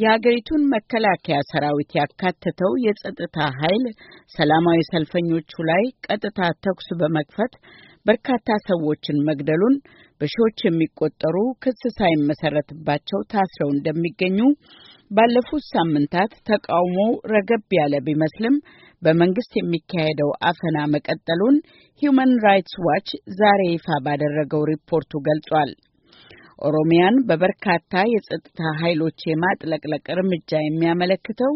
የሀገሪቱን መከላከያ ሰራዊት ያካተተው የጸጥታ ኃይል ሰላማዊ ሰልፈኞቹ ላይ ቀጥታ ተኩስ በመክፈት በርካታ ሰዎችን መግደሉን፣ በሺዎች የሚቆጠሩ ክስ ሳይመሰረትባቸው ታስረው እንደሚገኙ ባለፉት ሳምንታት ተቃውሞ ረገብ ያለ ቢመስልም በመንግስት የሚካሄደው አፈና መቀጠሉን ሂዩማን ራይትስ ዋች ዛሬ ይፋ ባደረገው ሪፖርቱ ገልጿል። ኦሮሚያን በበርካታ የጸጥታ ኃይሎች የማጥለቅለቅ እርምጃ የሚያመለክተው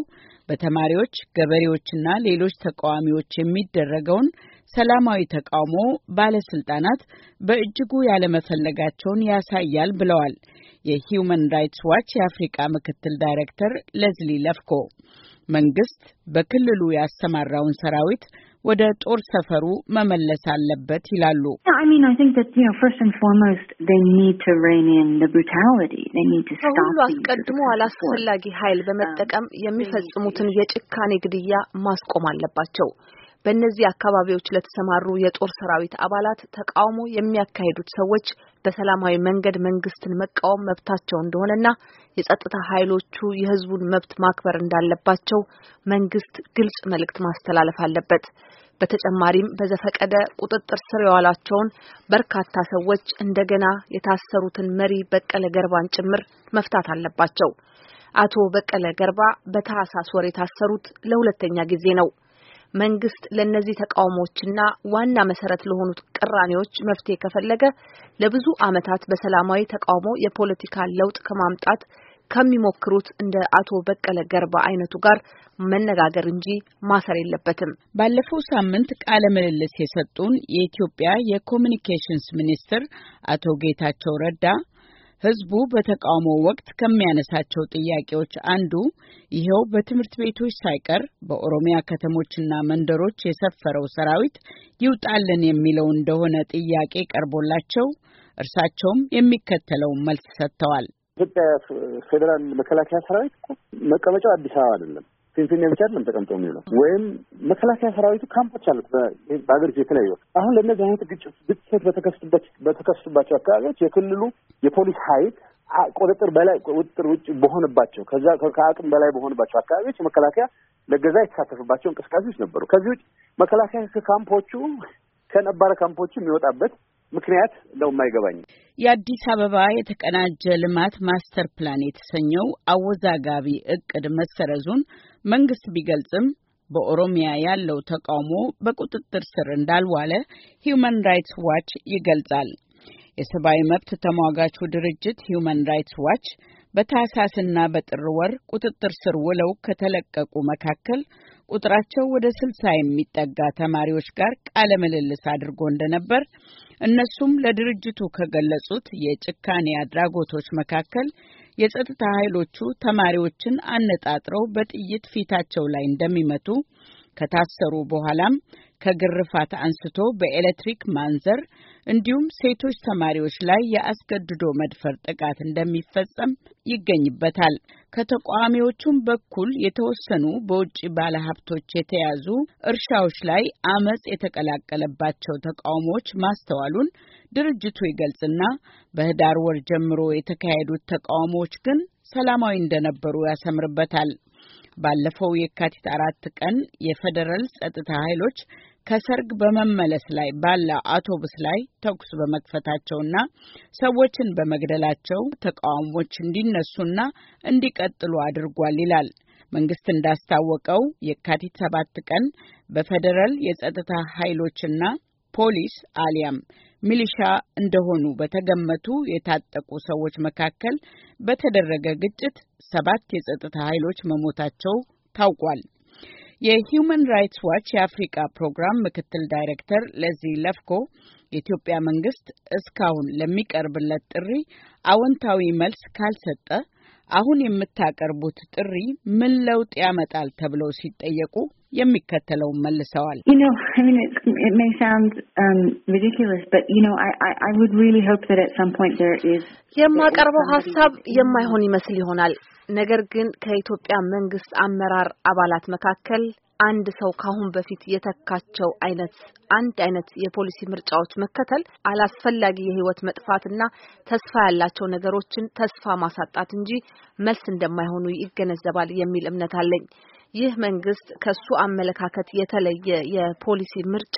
በተማሪዎች ገበሬዎችና ሌሎች ተቃዋሚዎች የሚደረገውን ሰላማዊ ተቃውሞ ባለስልጣናት በእጅጉ ያለመፈለጋቸውን ያሳያል ብለዋል የሂዩማን ራይትስ ዋች የአፍሪቃ ምክትል ዳይሬክተር ለዝሊ ለፍኮ። መንግስት በክልሉ ያሰማራውን ሰራዊት ወደ ጦር ሰፈሩ መመለስ አለበት ይላሉ። ከሁሉ አስቀድሞ አላስፈላጊ ኃይል በመጠቀም um, የሚፈጽሙትን የጭካኔ ግድያ ማስቆም አለባቸው። በእነዚህ አካባቢዎች ለተሰማሩ የጦር ሰራዊት አባላት ተቃውሞ የሚያካሂዱት ሰዎች በሰላማዊ መንገድ መንግስትን መቃወም መብታቸው እንደሆነና የጸጥታ ኃይሎቹ የህዝቡን መብት ማክበር እንዳለባቸው መንግስት ግልጽ መልእክት ማስተላለፍ አለበት። በተጨማሪም በዘፈቀደ ቁጥጥር ስር የዋላቸውን በርካታ ሰዎች እንደገና የታሰሩትን መሪ በቀለ ገርባን ጭምር መፍታት አለባቸው። አቶ በቀለ ገርባ በታህሳስ ወር የታሰሩት ለሁለተኛ ጊዜ ነው። መንግስት ለእነዚህ ተቃውሞዎችና ዋና መሰረት ለሆኑት ቅራኔዎች መፍትሄ ከፈለገ ለብዙ ዓመታት በሰላማዊ ተቃውሞ የፖለቲካ ለውጥ ከማምጣት ከሚሞክሩት እንደ አቶ በቀለ ገርባ አይነቱ ጋር መነጋገር እንጂ ማሰር የለበትም። ባለፈው ሳምንት ቃለ ምልልስ የሰጡን የኢትዮጵያ የኮሚኒኬሽንስ ሚኒስትር አቶ ጌታቸው ረዳ ህዝቡ በተቃውሞ ወቅት ከሚያነሳቸው ጥያቄዎች አንዱ ይኸው በትምህርት ቤቶች ሳይቀር በኦሮሚያ ከተሞችና መንደሮች የሰፈረው ሰራዊት ይውጣልን የሚለው እንደሆነ ጥያቄ ቀርቦላቸው እርሳቸውም የሚከተለውን መልስ ሰጥተዋል። ኢትዮጵያ ፌዴራል መከላከያ ሰራዊት መቀመጫው አዲስ አበባ አይደለም። ፊንፊኔ ብቻ አይደለም ተቀምጦ የሚውለው ወይም መከላከያ ሰራዊቱ ካምፖች አሉት በሀገሪቱ የተለያዩ አሁን ለእነዚህ አይነት ግጭት ግጭቶች በተከሰቱባቸው አካባቢዎች የክልሉ የፖሊስ ሀይል ቁጥጥር በላይ ቁጥጥር ውጭ በሆነባቸው ከዛ ከአቅም በላይ በሆንባቸው አካባቢዎች መከላከያ ለገዛ የተሳተፈባቸው እንቅስቃሴዎች ነበሩ። ከዚህ ውጭ መከላከያ ከካምፖቹ ከነባረ ካምፖቹ የሚወጣበት ምክንያት ነው የማይገባኝ። የአዲስ አበባ የተቀናጀ ልማት ማስተር ፕላን የተሰኘው አወዛጋቢ እቅድ መሰረዙን መንግስት ቢገልጽም በኦሮሚያ ያለው ተቃውሞ በቁጥጥር ስር እንዳልዋለ ሂዩማን ራይትስ ዋች ይገልጻል። የሰብአዊ መብት ተሟጋቹ ድርጅት ሂዩማን ራይትስ ዋች በታህሳስና በጥር ወር ቁጥጥር ስር ውለው ከተለቀቁ መካከል ቁጥራቸው ወደ ስልሳ የሚጠጋ ተማሪዎች ጋር ቃለ ምልልስ አድርጎ እንደነበር እነሱም ለድርጅቱ ከገለጹት የጭካኔ አድራጎቶች መካከል የጸጥታ ኃይሎቹ ተማሪዎችን አነጣጥረው በጥይት ፊታቸው ላይ እንደሚመቱ ከታሰሩ በኋላም ከግርፋት አንስቶ በኤሌክትሪክ ማንዘር እንዲሁም ሴቶች ተማሪዎች ላይ የአስገድዶ መድፈር ጥቃት እንደሚፈጸም ይገኝበታል። ከተቃዋሚዎቹም በኩል የተወሰኑ በውጭ ባለሀብቶች የተያዙ እርሻዎች ላይ አመጽ የተቀላቀለባቸው ተቃውሞዎች ማስተዋሉን ድርጅቱ ይገልጽና በህዳር ወር ጀምሮ የተካሄዱት ተቃውሞዎች ግን ሰላማዊ እንደነበሩ ያሰምርበታል። ባለፈው የካቲት አራት ቀን የፌዴራል ጸጥታ ኃይሎች ከሰርግ በመመለስ ላይ ባለ አውቶቡስ ላይ ተኩስ በመክፈታቸውና ሰዎችን በመግደላቸው ተቃውሞች እንዲነሱና እንዲቀጥሉ አድርጓል ይላል። መንግስት እንዳስታወቀው የካቲት ሰባት ቀን በፌዴራል የጸጥታ ኃይሎችና ፖሊስ አሊያም ሚሊሻ እንደሆኑ በተገመቱ የታጠቁ ሰዎች መካከል በተደረገ ግጭት ሰባት የጸጥታ ኃይሎች መሞታቸው ታውቋል። የሂዩማን ራይትስ ዋች የአፍሪካ ፕሮግራም ምክትል ዳይሬክተር ለዚ ለፍኮ የኢትዮጵያ መንግስት እስካሁን ለሚቀርብለት ጥሪ አዎንታዊ መልስ ካልሰጠ አሁን የምታቀርቡት ጥሪ ምን ለውጥ ያመጣል ተብለው ሲጠየቁ የሚከተለውን መልሰዋል። የማቀርበው ሀሳብ የማይሆን ይመስል ይሆናል። ነገር ግን ከኢትዮጵያ መንግስት አመራር አባላት መካከል አንድ ሰው ካሁን በፊት የተካቸው አይነት አንድ አይነት የፖሊሲ ምርጫዎች መከተል አላስፈላጊ የህይወት መጥፋትና ተስፋ ያላቸው ነገሮችን ተስፋ ማሳጣት እንጂ መልስ እንደማይሆኑ ይገነዘባል የሚል እምነት አለኝ። ይህ መንግስት ከሱ አመለካከት የተለየ የፖሊሲ ምርጫ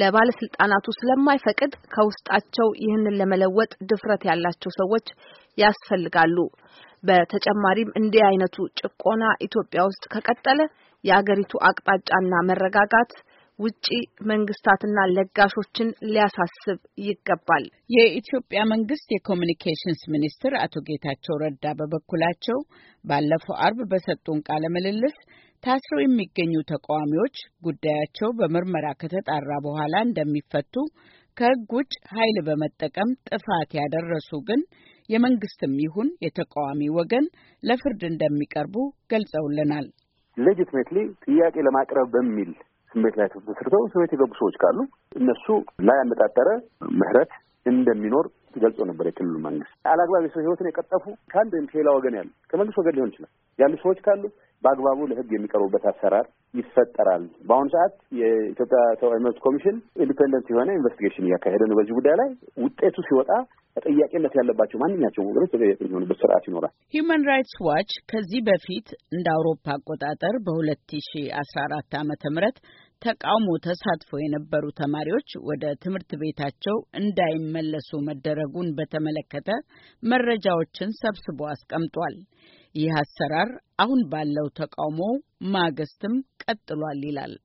ለባለስልጣናቱ ስለማይፈቅድ ከውስጣቸው ይህንን ለመለወጥ ድፍረት ያላቸው ሰዎች ያስፈልጋሉ። በተጨማሪም እንዲህ አይነቱ ጭቆና ኢትዮጵያ ውስጥ ከቀጠለ የአገሪቱ አቅጣጫና መረጋጋት ውጪ መንግስታትና ለጋሾችን ሊያሳስብ ይገባል። የኢትዮጵያ መንግስት የኮሚኒኬሽንስ ሚኒስትር አቶ ጌታቸው ረዳ በበኩላቸው ባለፈው አርብ በሰጡን ቃለ ምልልስ ታስረው የሚገኙ ተቃዋሚዎች ጉዳያቸው በምርመራ ከተጣራ በኋላ እንደሚፈቱ፣ ከህግ ውጭ ኃይል በመጠቀም ጥፋት ያደረሱ ግን የመንግስትም ይሁን የተቃዋሚ ወገን ለፍርድ እንደሚቀርቡ ገልጸውልናል። ሌጂትሜትሊ ጥያቄ ለማቅረብ በሚል ስሜት ላይ ተመስርተው ስሜት የገቡ ሰዎች ካሉ እነሱ ላይ ያነጣጠረ ምህረት እንደሚኖር ገልጾ ነበር። የክልሉ መንግስት አላግባብ የሰው ህይወትን የቀጠፉ ከአንድ ወይም ከሌላ ወገን ያሉ ከመንግስት ወገን ሊሆን ይችላል ያሉ ሰዎች ካሉ በአግባቡ ለህግ የሚቀርቡበት አሰራር ይፈጠራል። በአሁኑ ሰዓት የኢትዮጵያ ሰብአዊ መብት ኮሚሽን ኢንዲፔንደንት የሆነ ኢንቨስቲጌሽን እያካሄደ ነው በዚህ ጉዳይ ላይ ውጤቱ ሲወጣ ተጠያቂነት ያለባቸው ማንኛቸው ወገኖች ተጠያቂ የሚሆኑበት ስርዓት ይኖራል። ሂውማን ራይትስ ዋች ከዚህ በፊት እንደ አውሮፓ አቆጣጠር በ2014 ዓ ም ተቃውሞ ተሳትፎ የነበሩ ተማሪዎች ወደ ትምህርት ቤታቸው እንዳይመለሱ መደረጉን በተመለከተ መረጃዎችን ሰብስቦ አስቀምጧል። ይህ አሰራር አሁን ባለው ተቃውሞ ማግስትም ቀጥሏል ይላል።